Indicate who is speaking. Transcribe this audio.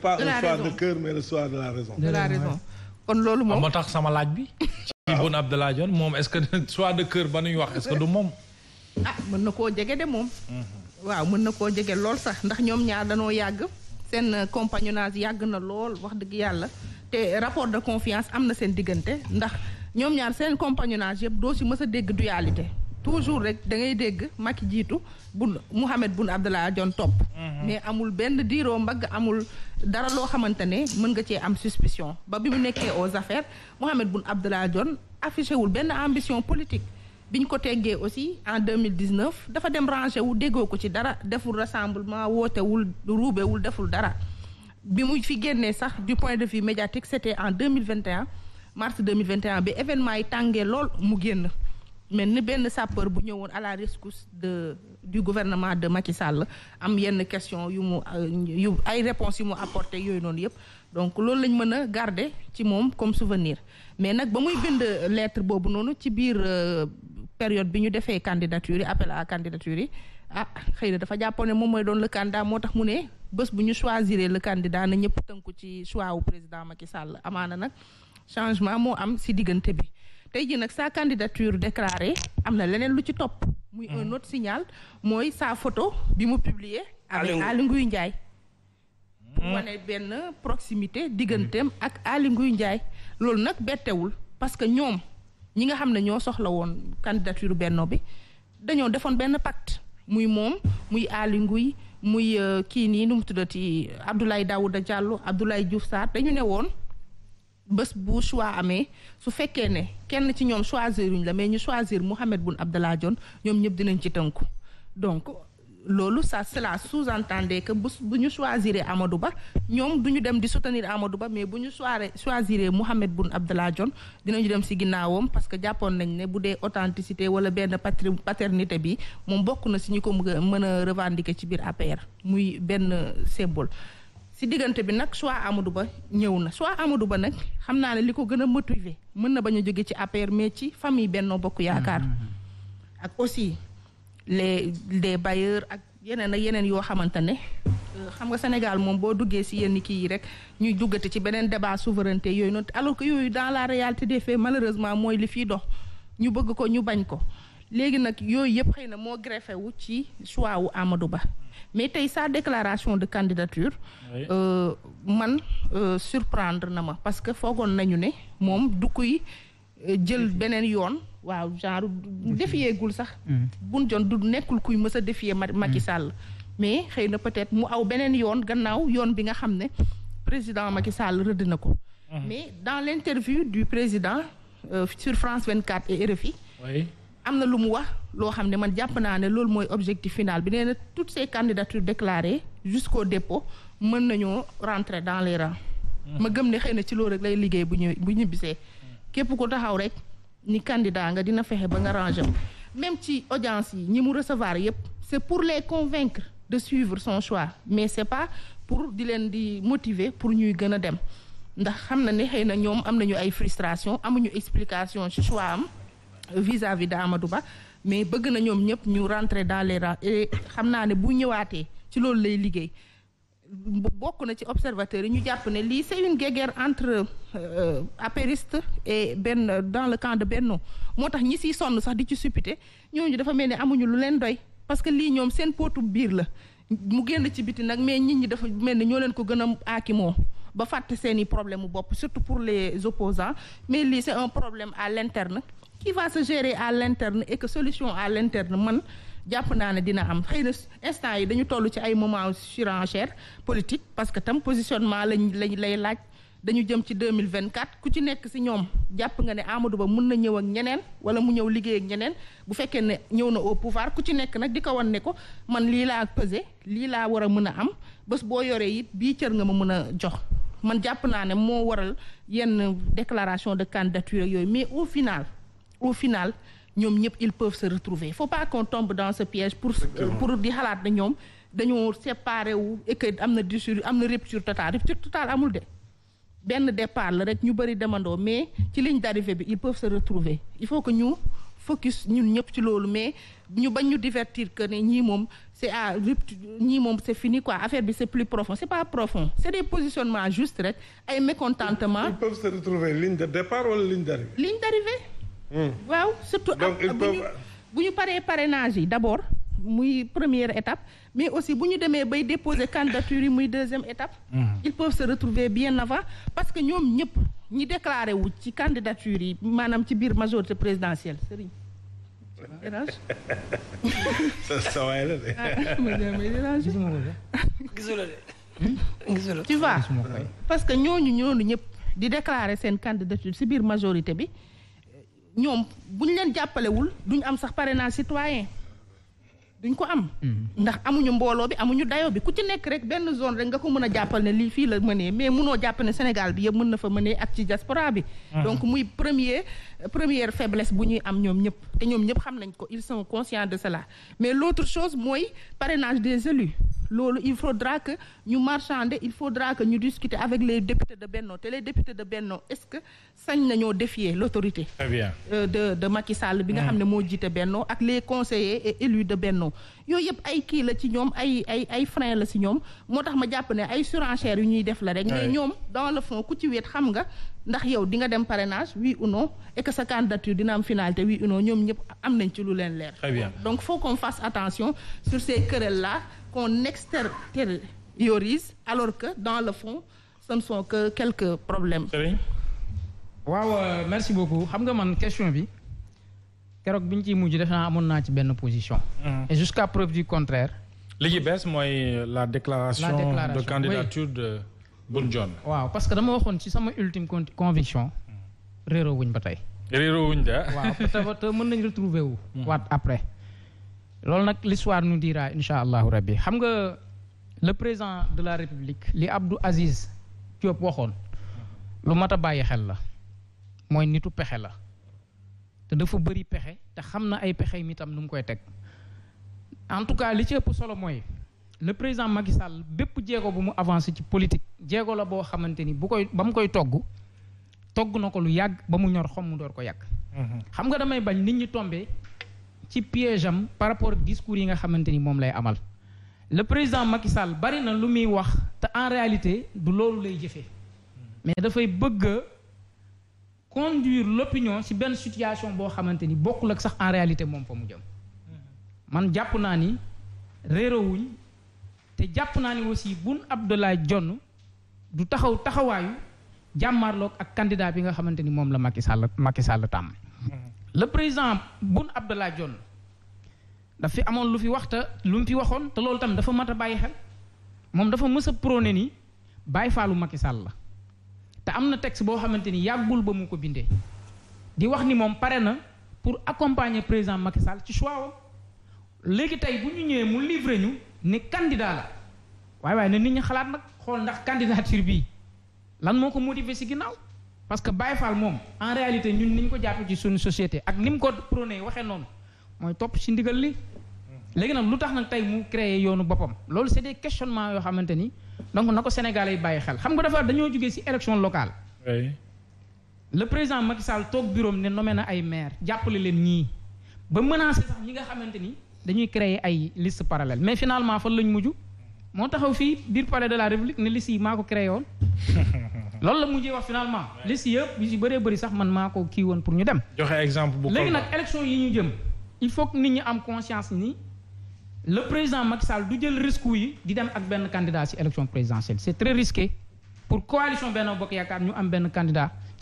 Speaker 1: pas un choix de cœur mais le choix de la raison. kon loolu moom ah, moo tax sama laaj bi. ci Boun Abdallah Dionne moom est-ce de cœur ba nuy wax est-ce que du moom.
Speaker 2: ah mën na koo jege de moom. Mhm. waaw mën na koo jege lool sax ndax ñoom ñaar danoo yàgg. seen compagnonnage yàgg na lool wax dëgg yàlla te rapport de confiance am na seen diggante ndax ñoom ñaar seen compagnonnage yëpp doo si mës a dégg dualité toujours rek da ngay dégg Macky jiitu Boun Mahammed Boun Abdallah Dionne topp. Mhm. mais amul benn dara loo xamante ne mën nga cee am suspicion ba bi mu nekkee aux affaires Mohamed Boun Abdallah Dionne affiché wul benn ambition politique bi ñu ko teggee aussi en 2019 dafa dem rangé wu déggoo ko ci dara deful rassemblement wootewul ruubewul deful dara bi mu fi génnee sax du point de vue médiatique c'était en 2021 mars 2021 bi événement yi tàngee lool mu génn mel ni benn sapeur bu ñëwoon à la rescousse de du gouvernement de Macky Sall am yenn question yu mu yu ay réponses yu mu apporté yooyu noonu yëpp donc loolu lañ mën a garder ci moom comme souvenir mais nag ba muy bind lettre boobu noonu ci biir euh, période bi ñu defee candidature yi appel à candidature yi ah xëy na dafa jàppoon ne moom mooy doon le candidat moo tax mu ne bés bu ñu choisiré le candidat na ñëpp tënku ci choix wu président Macky Sall amaana nag changement moo am si diggante bi tey jii nag sa candidature déclarée am na leneen lu ci topp. muy un mm. autre signal mooy sa photo bi mu publier avec Aly Ngouille Ndiaye. Mm. benn proximité digganteem mm. ak Aly Ngouille Ndiaye loolu nag bettewul parce que ñoom ñi nga xam ne ñoo soxla woon candidature benno bi dañoo defoon benn pacte muy moom muy Aly Ngouille muy euh, kii nii nu mu tuddati Abdoulaye Daouda Diallo Abdoulaye Diouf Sarr dañu ne woon. bés bu choix amee su fekkee ne kenn ci ñoom choisiruñ la mais ñu choisir Mohamed Boun Abdallah Dionne ñoom ñëpp dinañ ci tënku donc loolu ça cela sous-entendait que bu bu ñu choisir amadu Ba ñoom du ñu dem di soutenir amadu Ba mais bu ñu soiree choisir Mohamed Boun Abdallah Dionne dinañu dem ci ginnaawam parce que jàppoon nañ ne bu dee authenticité wala benn patri paternité bi moom bokk na si ñu ko mën a revendiquer ci biir APR muy benn symbole. ci diggante bi nag soit Amadou Ba ñëw na soit Amadou Ba nag xam naa ne li ko gën a motiver mën na bañ a jóge ci APR mais ci famille Benno Bokk Yaakaar mm-hmm. ak aussi les des bailleurs ak yeneen ak yeneen yoo xamante ne euh, xam nga Sénégal moom boo duggee si yenn kii yi rek ñuy duggate ci beneen débat souveraineté yooyu noonu alors que yooyu dans la réalité des faits malheureusement mooy li fiy dox ñu bëgg ko ñu bañ ko léegi nag yooyu yëpp xëy na moo greffé wu ci choix wu Amadou Ba mais tey sa déclaration de candidature euh, man euh, surprendre na ma parce que foogoon nañu ne moom du kuy euh, jël beneen yoon waaw genre défiyeegul sax mm-hmm. bun jon du nekkul kuy mës a défier Macky mm-hmm. Sall mais xëy na peut-être mu aw beneen yoon gannaaw yoon bi nga xam ne président Macky Sall rëdd na ko mm-hmm. mais dans l'interview du président euh, sur France 24 et RFI oui. am na lu mu wax loo xam ne man jàpp naa ne loolu mooy objectif final bi nee na toutes ces candidatures déclarées jusqu'au dépôt mën nañoo rentrer dans les rangs. Hmm. ma gëm ne xëy na ci loolu lay liggéey bu ñu bu ñibbisee. Hmm. képp ko taxaw rek ni candidat nga dina fexe ba nga ranger même ci audience yi ñi mu recevoir yépp c'est pour les convaincre de suivre son choix mais c'est pas pour di leen di motiver pour ñuy gën a dem ndax xam na ne xëy na ñoom am nañu ay frustration amuñu explication ci choix am. vis-à-vis de Amadou Ba mais bëgg na ñoom ñëpp ñu rentrer dans les rangs et xam naa ne bu ñëwaatee ci loolu lay liggéey bokk na ci observateurs yi ñu jàpp ne lii c'est une guerre entre euh, apériste et benn dans le camp de Benno moo tax ñi siy sonn sax di ci suppité ñooñu dafa mel ni amuñu lu leen doy parce que lii ñoom seen pootu biir la mu génn ci biti nag mais nit ñi dafa mel ni ñoo leen ko gën a aakimoo ba fàtte seen i problème mu bopp surtout pour les opposants mais lii c'est un problème à l'interne qui va se gérer à l'interne et que solution à l'interne man jàpp naa ne dina am xëy na instant yi dañu toll ci ay moment surenchère politique parce que tam positionnement lañ lañ lay laaj dañu jëm ci 2024 ku ci nekk si ñoom jàpp nga ne Amadou Ba mun na ñëw ak ñeneen wala mu ñëw liggéey ak ñeneen bu fekkee ne ñëw na au pouvoir ku ci nekk nag di ko wan ne ko man lii laa pesé lii laa war a mën a am bés boo yoree it bii cër nga ma mën a jox man jàpp naa ne moo waral yenn déclaration de candidature yooyu mais au final au final ñoom ñëpp ils peuvent se retrouver il faut pas qu'on dans ce piège pour pour di xalaat na ñoom dañoo séparé wu et que am na rupture totale rupture totale amul de benn départ la rek ñu bëri demandoo mais ci ligne d'arrivée bi ils peuvent se retrouver il faut que ñu focus ñun ñëpp ci loolu mais ñu bañ ñu divertir que ne ñii moom c'est à rupture ñii moom c'est fini quoi affaire bi c'est plus profond c'est pas profond c'est des positionnements justes rek ay mécontentement
Speaker 1: de départ wala ligne
Speaker 2: waaw surtout am bu ñu paree parrainage yi d' abord muy première étape mais aussi bu ñu demee bay déposer candidature yi muy deuxième étape mhm. ils peuvent se retrouver bien avant parce que ñoom ñëpp ñi déclaré wu ci candidature yi maanaam ci biir majorité présidentielle sëriñ sawaay ah, la de gisuloo de hmm? gisuloo tu vois parce que ñooñu ñooñu ñëpp di déclaré seen candidature ci biir majorité bi ñoom bu ñu leen jàppalewul duñ am sax pare parrainage citoyen duñ ko am. Mm-hmm. ndax amuñu mbooloo bi amuñu dayo bi ku ci nekk rek benn zone rek nga ko mën a jàppal ne lii fii la mënee mais munoo jàpp ne Sénégal bi yëpp mën na fa mënee ak ci diaspora bi. Mm-hmm. donc muy premier première faiblesse bu ñuy am ñoom ñëpp te ñoom ñëpp xam nañ ko ils sont conscients de cela mais l'autre chose mooy parrainage des élus. loolu il faudra que ñu marchander il faudra que ñu discuter avec les députés de Benno te les députés de Benno est-ce que sañ nañoo défier l'autorité très bien euh, de de Macky Sall bi nga mm. xam ne moo jiite Benno ak les conseillers et élus de Benno yooy yëpp ay kii la ci ñoom ay ay ay frein la si ñoom moo tax ma jàpp ne ay surenchère yu ñuy def la rek mais ñoom dans le fond ku ci wéet xam nga ndax yow di nga dem parrainage oui ou non et que sa candidature dina am finalité oui ou non ñoom am nañ ci lu leen leer donc faut qu'on qu'on extériorise alors que dans le fond
Speaker 1: ce ne sont que quelques problèmes. waaw euh, merci beaucoup xam nga man question bi keroog bi ñu ciy mujj def naa amoon naa ci benn position. Mm. et jusqu'à preuve du contraire. li ci bees mooy euh, la déclaration. de candidature de Boun Dionne. waaw parce que dama waxoon ci sama ultime conviction. réeroo wuñ ba tey. réeroo wuñ de. waaw te mën nañ retrouver wu. Mm. waat après. loolu nag l'histoire nous dira incha allahu rabbi xam nga le président de la république li Abdou Aziz Diop waxoon lu mat a bàyyi xel la mooy nitu pexe la te dafa bëri pexe te xam na ay pexe mi tam nu mu koy teg en tout cas li ci solo mooy le président Macky Sall bépp jéego bu mu avancé ci politique jéego la boo xamante ni bu koy ba mu koy togg togg na ko lu yàgg ba mu ñor xom mu door ko yàgg mm-hmm. xam nga damay bañ nit ñi tombé ci piège am par rapport ak discours yi nga xamante ni moom lay amal le président Macky Sall bari na lu muy wax te en réalité du loolu lay jëfee mais dafay bëgg a conduire l'opinion ci benn situation boo xamante ni bokkul ak sax en réalité moom fa mu jëm man jàpp naa ni réerewuñ te jàpp naa ni aussi Boun Abdallah jonn du taxaw taxawaayu jàmmaarloog ak candidat bi nga xamante ni moom la Macky Sall Macky Sall tàmm le président Boun Abdallah Dionne daf fi amoon lu fi waxta lu mu fi waxoon te loolu tamit dafa mat a bàyyi xel moom dafa mës a prôné ni bàyyi faalu Macky Sall la te am na texte boo xamante ni yàggul ba mu ko bindee di wax ni moom pare na pour accompagner président Macky Sall ci choix wam léegi tey bu ñu ñëwee mu livré ñu ni candidat la waaye waaye ne nit ñi xalaat nag xool ndax candidature bii lan moo ko motiver si ginnaaw parce que Baye Fall moom en réalité ñun ni ñu ko jàppee ci suñu société ak ni mu ko prôné waxee noonu mooy topp ci ndigal li léegi nag lu tax nag tey mu créer yoonu boppam loolu c'est des questionnements yoo xamante ni donc na ko Sénégalais bàyyi xel xam nga dafa dañoo jógee ci élection locale. le président Macky Sall toog bureau ne nommé na ay maire jàppale leen ñii ba menacé sax ñi nga xamante ni dañuy créer ay list parallèle mais finalement fan lañ mujj. moo taxaw fii biir palais de la république ne liste yi maa ko créé woon loolu la mujjee wax finalement liste yëpp yu si bëree bëri sax man maa ko kii woon pour ñu dem. joxe exemple bu léegi nag élection yi ñu jëm il faut que nit ñi am conscience ni le président Macky Sall du jël risque yi di dem ak benn candidat si élection présidentielle c'est très risqué pour coalition Benno Bokk Yaakaar ñu am benn candidat.